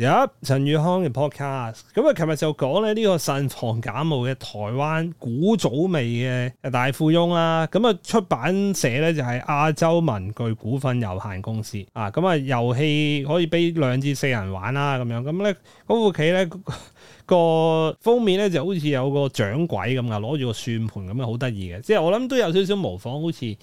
有一、yep，陳宇康嘅 podcast，咁啊，琴日就講咧呢個慎防假冒嘅台灣古早味嘅大富翁啦，咁啊出版社咧就係亞洲文具股份有限公司啊，咁啊遊戲可以俾兩至四人玩啦，咁樣，咁咧嗰部棋咧。 個封面咧就好似有個掌櫃咁嘅，攞住個算盤咁樣，好得意嘅。即係我諗都有少少模仿，好似誒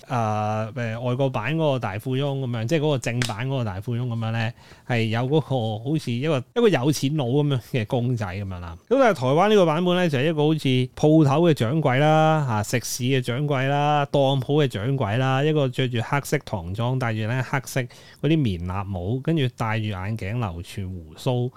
誒外國版嗰個大富翁咁樣，即係嗰個正版嗰個大富翁咁樣咧，係有嗰、嗰個好似一個一個有錢佬咁樣嘅公仔咁樣啦。咁但啊，台灣呢個版本咧就係一個好似鋪頭嘅掌櫃啦，嚇、啊、食肆嘅掌櫃啦，當鋪嘅掌櫃啦，一個着住黑色唐裝，戴住咧黑色嗰啲棉笠帽，跟住戴住眼鏡流，留住鬍鬚。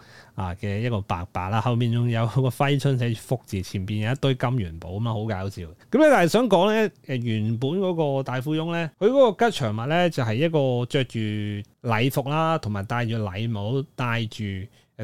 嘅一個白白啦，後面仲有個揮春寫福字，前邊有一堆金元寶吖嘛，好搞笑。咁咧，但係想講咧，誒原本嗰個大富翁咧，佢嗰個吉祥物咧就係一個着住禮服啦，同埋戴住禮帽，戴住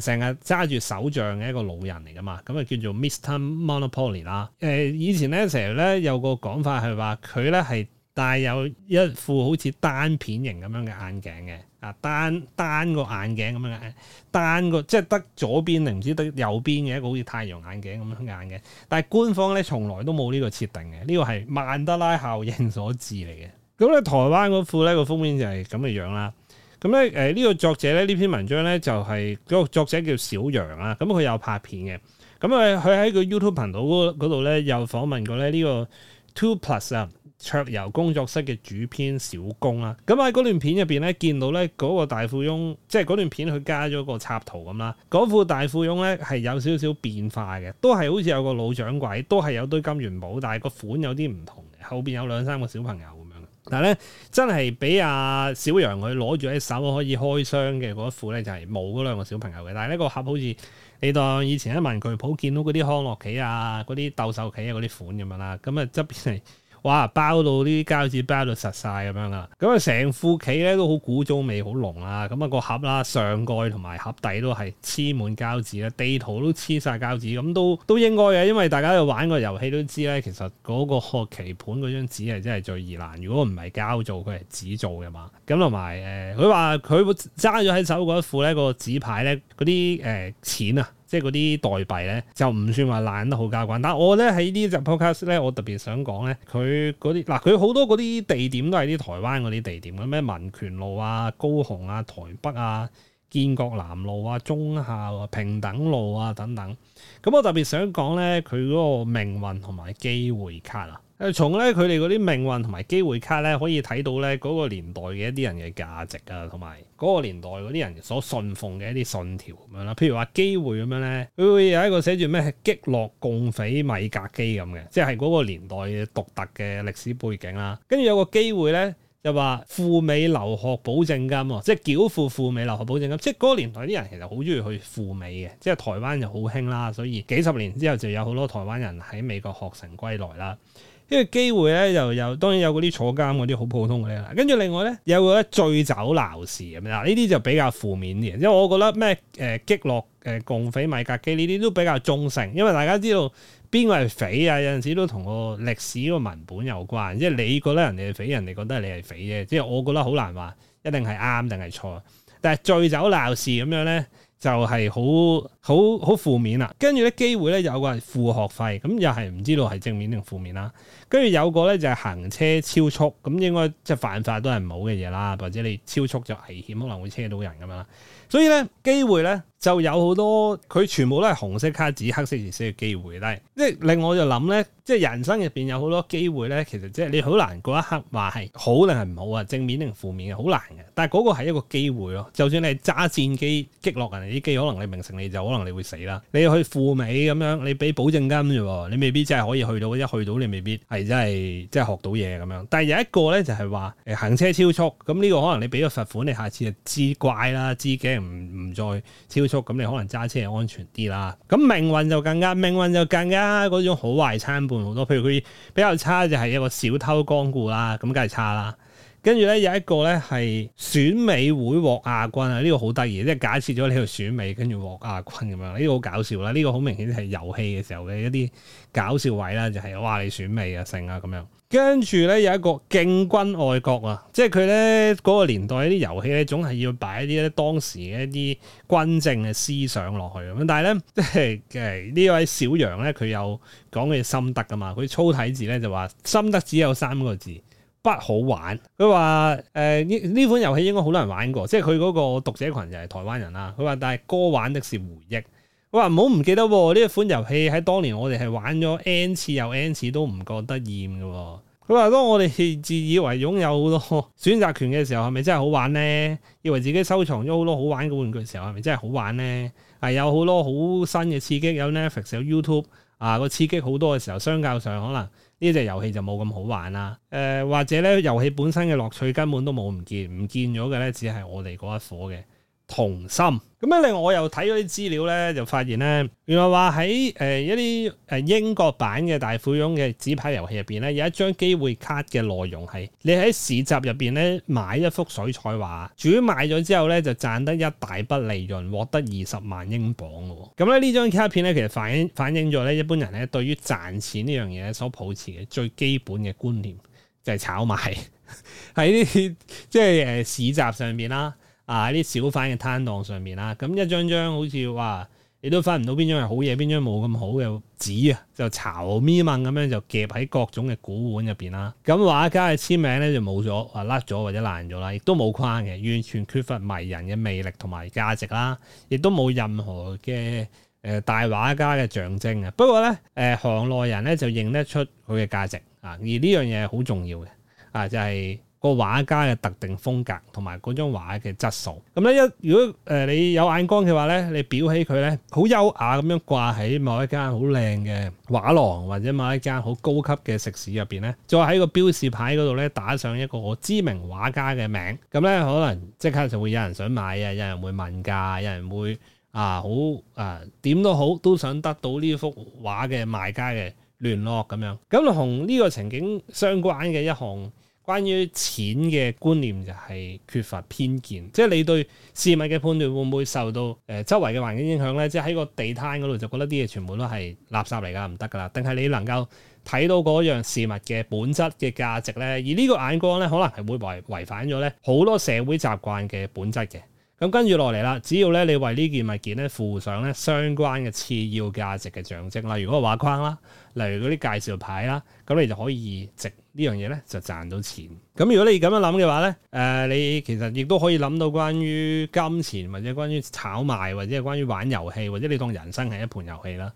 成日揸住手杖嘅一個老人嚟噶嘛，咁啊叫做 Mr. Monopoly 啦。誒以前咧成日咧有個講法係話佢咧係。但有一副好似單片形咁樣嘅眼鏡嘅，啊單單個眼鏡咁樣嘅，單個即係得左邊定唔知得右邊嘅一個好似太陽眼鏡咁樣嘅眼鏡。但係官方咧從來都冇呢個設定嘅，呢個係曼德拉效應所致嚟嘅。咁、嗯、咧台灣嗰副咧個封面就係咁嘅樣啦。咁咧誒呢個作者咧呢篇文章咧就係、是、嗰、那個作者叫小楊啦。咁、嗯、佢有拍片嘅，咁、嗯、啊佢喺個 YouTube 頻道嗰度咧又訪問過咧呢個 Two Plus 啊。桌遊工作室嘅主編小工啦，咁喺嗰段片入邊咧，見到咧嗰個大富翁，即係嗰段片佢加咗個插圖咁啦。嗰副大富翁咧係有少少變化嘅，都係好似有個老掌櫃，都係有堆金元寶，但係個款有啲唔同嘅。後邊有兩三個小朋友咁樣，但係咧真係俾阿小楊佢攞住喺手可以開箱嘅嗰一副咧，就係冇嗰兩個小朋友嘅。但係呢個盒好似你當以前喺文具鋪見到嗰啲康樂棋啊、嗰啲鬥獸棋啊嗰啲款咁樣啦，咁啊側邊係。哇！包到呢啲膠紙包到實晒咁樣啊！咁啊成副棋咧都好古早味，好濃啊！咁、嗯、啊、個盒啦、啊、上蓋同埋盒底都係黐滿膠紙啦，地圖都黐晒膠紙，咁、嗯、都都應該嘅，因為大家去玩個遊戲都知咧，其實嗰個下棋盤嗰張紙係真係最易爛。如果唔係膠做，佢係紙做嘅嘛。咁同埋誒，佢話佢揸咗喺手嗰一副咧，個紙牌咧嗰啲誒錢啊！即係嗰啲代幣咧，就唔算話爛得好交關。但係我咧喺呢隻 podcast 咧，我特別想講咧，佢嗰啲嗱，佢好多嗰啲地點都係啲台灣嗰啲地點嘅，咩民權路啊、高雄啊、台北啊、建國南路啊、中下啊、平等路啊等等。咁我特別想講咧，佢嗰個命運同埋機會卡啊！誒從咧佢哋嗰啲命運同埋機會卡咧，可以睇到咧嗰個年代嘅一啲人嘅價值啊，同埋嗰個年代嗰啲人所信奉嘅一啲信條咁樣啦。譬如話機會咁樣咧，佢會有一個寫住咩擊落共匪米格機咁嘅，即係嗰個年代嘅獨特嘅歷史背景啦。跟住有個機會咧，就話赴美留學保證金喎，即係繳付赴美留學保證金。即係嗰個年代啲人其實好鍾意去赴美嘅，即係台灣就好興啦，所以幾十年之後就有好多台灣人喺美國學成歸來啦。因為機會咧，又有當然有嗰啲坐監嗰啲好普通嘅啦。跟住另外咧，有嗰啲醉酒鬧事咁啦，呢啲就比較負面啲。因為我覺得咩誒擊落誒共匪米格機呢啲都比較中性，因為大家知道邊個係匪啊，有陣時都同個歷史個文本有關。即係你覺得人哋係匪，人哋覺得你係匪啫。即係我覺得好難話一定係啱定係錯。但係醉酒鬧事咁樣咧。就係好好好負面啦、啊，跟住咧機會咧有個係付學費，咁又係唔知道係正面定負面啦、啊。跟住有個咧就係、是、行車超速，咁應該即係犯法都係唔好嘅嘢啦，或者你超速就危險，可能會車到人咁樣。所以咧機會咧就有好多，佢全部都係紅色卡紙、黑色字寫嘅機會。但係即係令我就諗咧，即係人生入邊有好多機會咧，其實即係你好難嗰一刻話係好定係唔好啊，正面定負面嘅好難嘅。但係嗰個係一個機會咯。就算你揸戰機擊落人哋啲機，可能你名成利就，可能你會死啦。你要去赴美咁樣，你俾保證金啫，你未必真係可以去到，一去到你未必係真係即係學到嘢咁樣。但係有一個咧就係話誒行車超速，咁呢個可能你俾個罰款，你下次就知怪啦，知驚。唔唔再超速，咁你可能揸車係安全啲啦。咁命運就更加命運就更加嗰種好壞參半好多。譬如佢比較差就係一個小偷光顧啦，咁梗係差啦。跟住咧有一個咧係選美會獲亞軍啊，呢個好得意，即係假設咗你去選美，跟住獲亞軍咁樣，呢個好搞笑啦。呢個好明顯係遊戲嘅時候嘅一啲搞笑位啦，就是，就係哇你選美啊剩啊咁樣。等等跟住咧有一個敬軍愛國啊，即係佢咧嗰個年代啲遊戲咧總係要擺一啲當時嘅一啲軍政嘅思想落去咁，但係咧即係嘅呢 位小楊咧佢有講佢嘅心得噶嘛，佢粗體字咧就話心得只有三個字不好玩。佢話誒，呢呢款遊戲應該好多人玩過，即係佢嗰個讀者群就係台灣人啦，佢話但係歌玩的是回憶。佢話唔好唔記得喎，呢一款遊戲喺當年我哋係玩咗 N 次又 N 次都唔覺得厭嘅。哦。佢話當我哋自以為擁有好多選擇權嘅時候，係咪真係好玩呢？以為自己收藏咗好多好玩嘅玩具嘅時候，係咪真係好玩呢？係有好多好新嘅刺激，有 Netflix，有 YouTube 啊，個刺激好多嘅時候，相較上可能呢隻遊戲就冇咁好玩啦。誒、呃，或者呢遊戲本身嘅樂趣根本都冇唔見，唔見咗嘅呢，只係我哋嗰一伙嘅同心咁咧，另外我又睇咗啲資料咧，就發現咧，原來話喺誒一啲誒英國版嘅大富翁嘅紙牌遊戲入邊咧，有一張機會卡嘅內容係你喺市集入邊咧買一幅水彩畫，主買咗之後咧就賺得一大筆利潤，獲得二十萬英鎊嘅。咁咧呢張卡片咧，其實反映反映咗咧一般人咧對於賺錢呢樣嘢所抱持嘅最基本嘅觀念就係、是、炒賣喺呢啲即係誒市集上邊啦。啊！喺啲小販嘅攤檔上面啦，咁一張一張好似話，你都分唔到邊張係好嘢，邊張冇咁好嘅紙啊，就巢咪掹咁樣就夾喺各種嘅古玩入邊啦。咁、啊、畫家嘅簽名咧就冇咗，啊甩咗或者爛咗啦，亦都冇框嘅，完全缺乏迷人嘅魅力同埋價值啦，亦、啊、都冇任何嘅誒、呃、大畫家嘅象徵啊。不過咧，誒、呃、行內人咧就認得出佢嘅價值啊，而呢樣嘢好重要嘅啊，就係、是。個畫家嘅特定風格同埋嗰張畫嘅質素，咁咧一如果誒、呃、你有眼光嘅話咧，你裱起佢咧，好優雅咁樣掛喺某一間好靚嘅畫廊，或者某一間好高級嘅食肆入邊咧，再喺個標示牌嗰度咧打上一個好知名畫家嘅名，咁、嗯、咧可能即刻就會有人想買啊，有人會問價，有人會啊好誒點都好都想得到呢幅畫嘅賣家嘅聯絡咁樣。咁同呢個情景相關嘅一項。關於錢嘅觀念就係缺乏偏見，即係你對事物嘅判斷會唔會受到誒、呃、周圍嘅環境影響咧？即係喺個地攤嗰度就覺得啲嘢全部都係垃圾嚟㗎，唔得㗎啦！定係你能夠睇到嗰樣事物嘅本質嘅價值咧？而呢個眼光咧，可能係會違違反咗咧好多社會習慣嘅本質嘅。咁跟住落嚟啦，只要咧你為呢件物件咧附上咧相關嘅次要價值嘅象徵啦，例如畫框啦，例如嗰啲介紹牌啦，咁你就可以值呢樣嘢咧就賺到錢。咁如果你咁樣諗嘅話咧，誒、呃，你其實亦都可以諗到關於金錢或者關於炒賣或者係關於玩遊戲或者你當人生係一盤遊戲啦。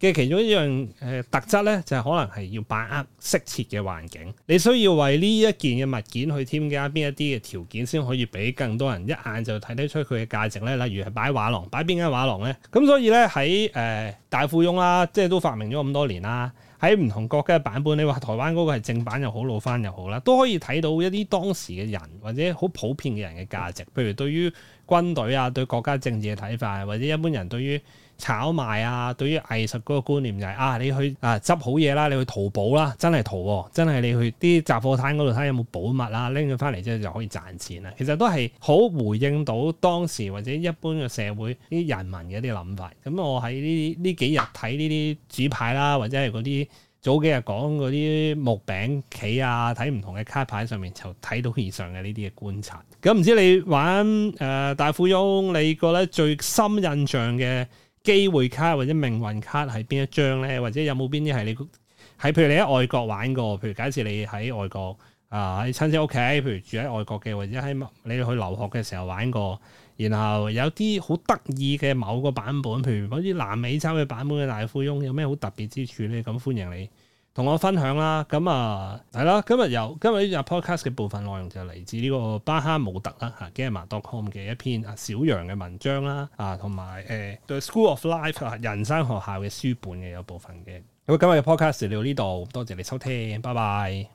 嘅其中一樣誒特質咧，就係可能係要把握適切嘅環境。你需要為呢一件嘅物件去添加邊一啲嘅條件，先可以俾更多人一眼就睇得出佢嘅價值咧。例如係擺畫廊，擺邊間畫廊咧？咁所以咧喺誒大富翁啦，即係都發明咗咁多年啦。喺唔同國家嘅版本，你話台灣嗰個係正版又好，老翻又好啦，都可以睇到一啲當時嘅人或者好普遍嘅人嘅價值。譬如對於軍隊啊，對國家政治嘅睇法，或者一般人對於炒賣啊！對於藝術嗰個觀念就係、是、啊，你去啊執好嘢啦，你去淘寶啦，真係淘，真係你去啲雜貨攤嗰度睇下有冇寶物啦，拎佢翻嚟之後就可以賺錢啦。其實都係好回應到當時或者一般嘅社會啲人民嘅啲諗法。咁我喺呢呢幾日睇呢啲紙牌啦，或者係嗰啲早幾日講嗰啲木餅棋啊，睇唔同嘅卡牌上面就睇到以上嘅呢啲嘅觀察。咁唔知你玩誒、呃、大富翁，你覺得最深印象嘅機會卡或者命運卡係邊一張咧？或者有冇邊啲係你喺？譬如你喺外國玩過，譬如假設你喺外國啊，喺親戚屋企，譬如住喺外國嘅，或者喺你去留學嘅時候玩過。然後有啲好得意嘅某個版本，譬如好似南美洲嘅版本嘅大富翁，有咩好特別之處咧？咁歡迎你。同我分享啦，咁啊係啦，今日有今日呢日 podcast 嘅部分內容就嚟自呢個巴哈姆特啦嚇，gamma.com d 嘅一篇啊小楊嘅文章啦，啊同埋誒對 School of Life 啊人生學校嘅書本嘅有部分嘅，咁、嗯、今日嘅 podcast 就到呢度，多謝你收聽，拜拜。